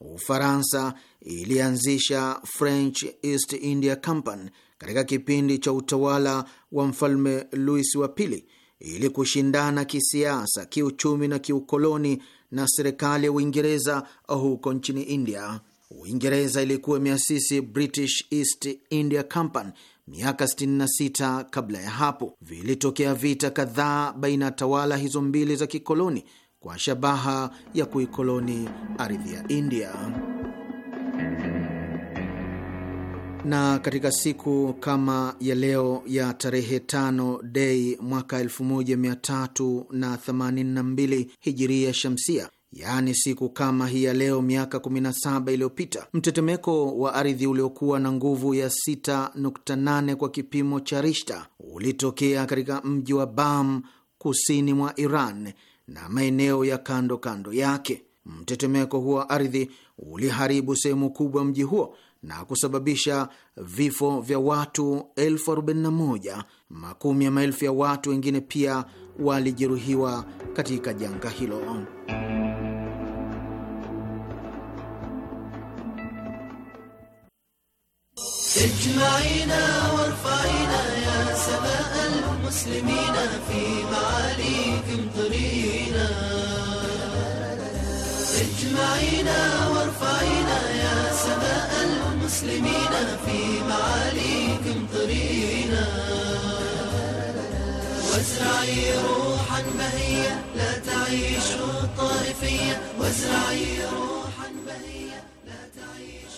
Ufaransa ilianzisha French East India Company katika kipindi cha utawala wa mfalme Louis wa pili ili kushindana kisiasa, kiuchumi na kiukoloni na serikali ya Uingereza huko nchini India. Uingereza ilikuwa imeasisi British East India Company miaka 66 kabla ya hapo. Vilitokea vita kadhaa baina ya tawala hizo mbili za kikoloni kwa shabaha ya kuikoloni ardhi ya India. Na katika siku kama ya leo ya tarehe tano Dei mwaka 1382 hijiria shamsia yaani siku kama hii ya leo miaka 17 iliyopita, mtetemeko wa ardhi uliokuwa na nguvu ya 6.8 kwa kipimo cha Rishta ulitokea katika mji wa Bam kusini mwa Iran na maeneo ya kando kando yake. Mtetemeko huo wa ardhi uliharibu sehemu kubwa mji huo na kusababisha vifo vya watu elfu arobaini na moja. Makumi ya maelfu ya watu wengine pia walijeruhiwa katika janga hilo. اجمعينا وارفعينا يا سماء المسلمين في معاليك طرينا اجمعينا وارفعينا يا سماء المسلمين في معاليك طرينا وازرعي روحا بهية لا تعيش طائفية وازرعي روحا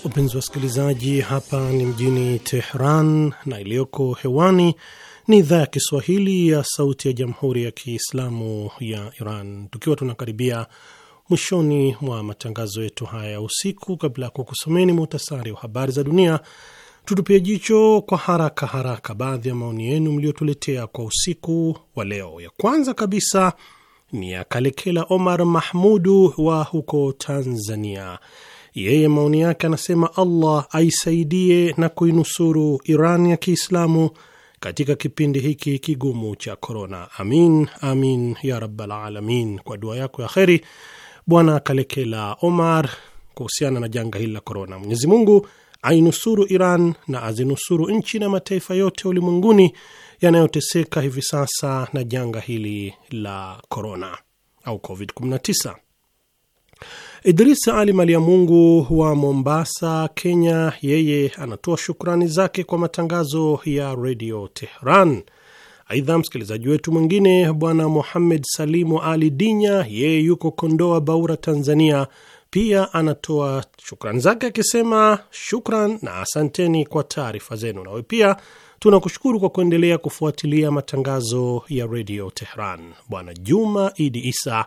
Wapenzi wasikilizaji, hapa ni mjini Tehran na iliyoko hewani ni idhaa ya Kiswahili ya Sauti ya Jamhuri ya Kiislamu ya Iran, tukiwa tunakaribia mwishoni mwa matangazo yetu haya ya usiku. Kabla ya kukusomeni muhtasari wa habari za dunia, tutupie jicho kwa haraka haraka baadhi ya maoni yenu mliotuletea kwa usiku wa leo. Ya kwanza kabisa ni ya Kalekela Omar Mahmudu wa huko Tanzania. Yeye maoni yake anasema Allah aisaidie na kuinusuru Iran ya Kiislamu katika kipindi hiki kigumu cha korona. Amin, amin ya rabbal alamin. Kwa dua yako ya kheri, Bwana Kalekela Omar, kuhusiana na janga hili la korona. Mwenyezi Mungu ainusuru Iran na azinusuru nchi na mataifa yote ulimwenguni yanayoteseka hivi sasa na janga hili la korona au COVID-19. Idrisa Ali Maliamungu wa Mombasa, Kenya, yeye anatoa shukrani zake kwa matangazo ya redio Tehran. Aidha, msikilizaji wetu mwingine Bwana Muhammed Salimu Ali Dinya, yeye yuko Kondoa Baura, Tanzania, pia anatoa shukrani zake akisema shukran na asanteni kwa taarifa zenu. Nawe pia tunakushukuru kwa kuendelea kufuatilia matangazo ya redio Tehran. Bwana Juma Idi Isa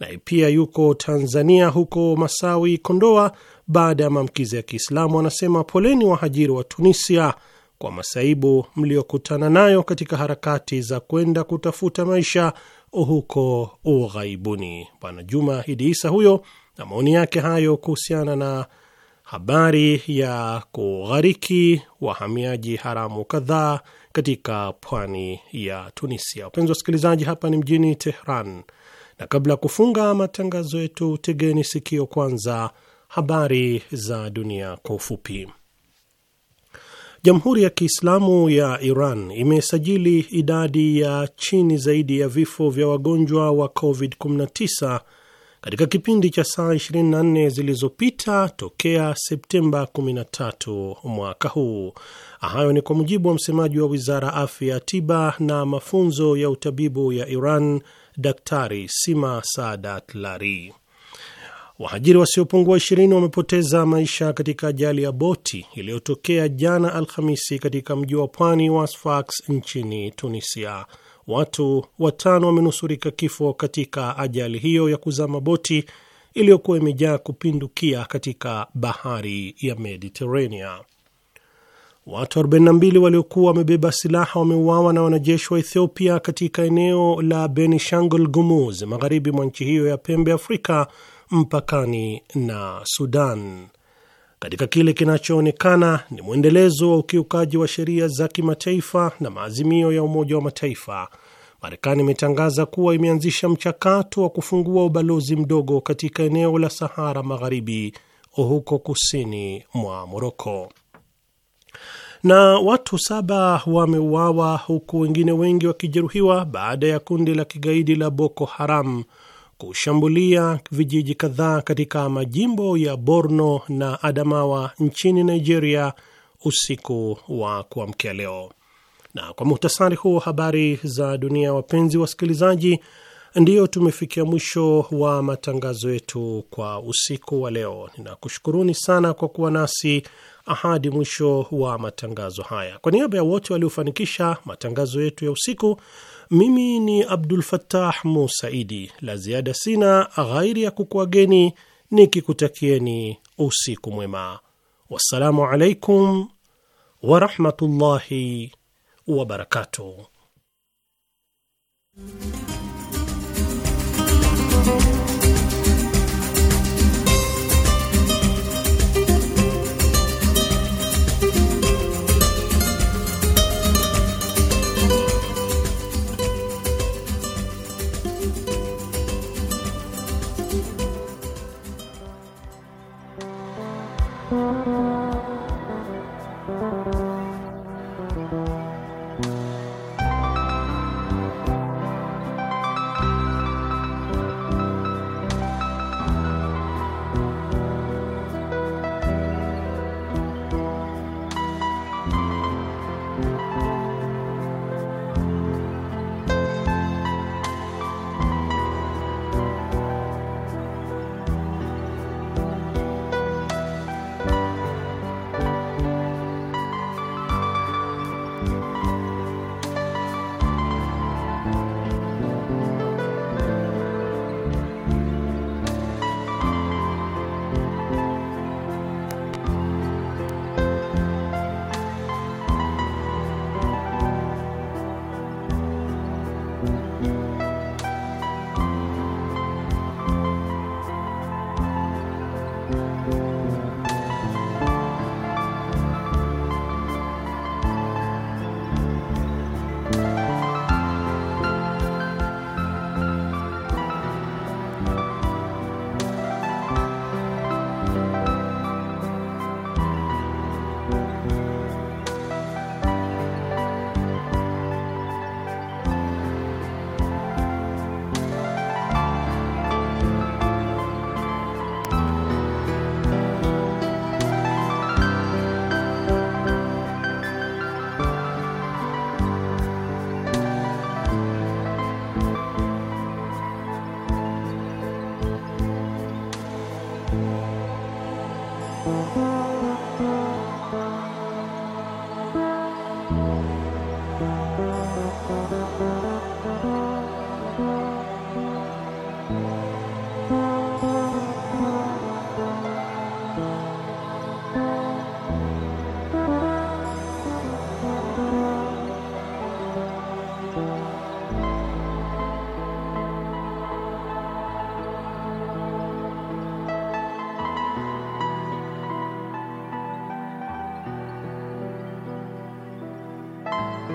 naye pia yuko Tanzania, huko Masawi, Kondoa, baada ya maamkizi ya Kiislamu, anasema poleni wahajiri wa Tunisia kwa masaibu mliokutana nayo katika harakati za kwenda kutafuta maisha huko ughaibuni. Bwana Juma Hidi Isa huyo na maoni yake hayo kuhusiana na habari ya kughariki wahamiaji haramu kadhaa katika pwani ya Tunisia. Wapenzi wasikilizaji, hapa ni mjini Tehran na kabla ya kufunga matangazo yetu, tegeni sikio kwanza habari za dunia kwa ufupi. Jamhuri ya Kiislamu ya Iran imesajili idadi ya chini zaidi ya vifo vya wagonjwa wa COVID-19 katika kipindi cha saa 24 zilizopita tokea Septemba 13 mwaka huu. Hayo ni kwa mujibu wa msemaji wa wizara afya, tiba na mafunzo ya utabibu ya Iran Daktari Sima sadat Lari. Wahajiri wasiopungua ishirini wamepoteza maisha katika ajali ya boti iliyotokea jana Alhamisi katika mji wa pwani wa Sfax nchini Tunisia. Watu watano wamenusurika kifo katika ajali hiyo ya kuzama boti iliyokuwa imejaa kupindukia katika bahari ya Mediterania. Watu 42 waliokuwa wamebeba silaha wameuawa na wanajeshi wa Ethiopia katika eneo la Benishangul Gumuz, magharibi mwa nchi hiyo ya pembe Afrika, mpakani na Sudan, katika kile kinachoonekana ni mwendelezo wa ukiukaji wa sheria za kimataifa na maazimio ya Umoja wa Mataifa. Marekani imetangaza kuwa imeanzisha mchakato wa kufungua ubalozi mdogo katika eneo la Sahara Magharibi, huko kusini mwa Moroko na watu saba wameuawa huku wengine wengi wakijeruhiwa baada ya kundi la kigaidi la Boko Haram kushambulia vijiji kadhaa katika majimbo ya Borno na Adamawa nchini Nigeria usiku wa kuamkia leo. Na kwa muhtasari huu habari za dunia, wapenzi wasikilizaji, ndiyo tumefikia mwisho wa matangazo yetu kwa usiku wa leo. Ninakushukuruni sana kwa kuwa nasi ahadi. Mwisho wa matangazo haya, kwa niaba ya wote waliofanikisha matangazo yetu ya usiku, mimi ni Abdul Fattah Musaidi. La ziada sina ghairi ya kukuageni nikikutakieni usiku mwema. Wassalamu alaikum warahmatullahi wabarakatuh.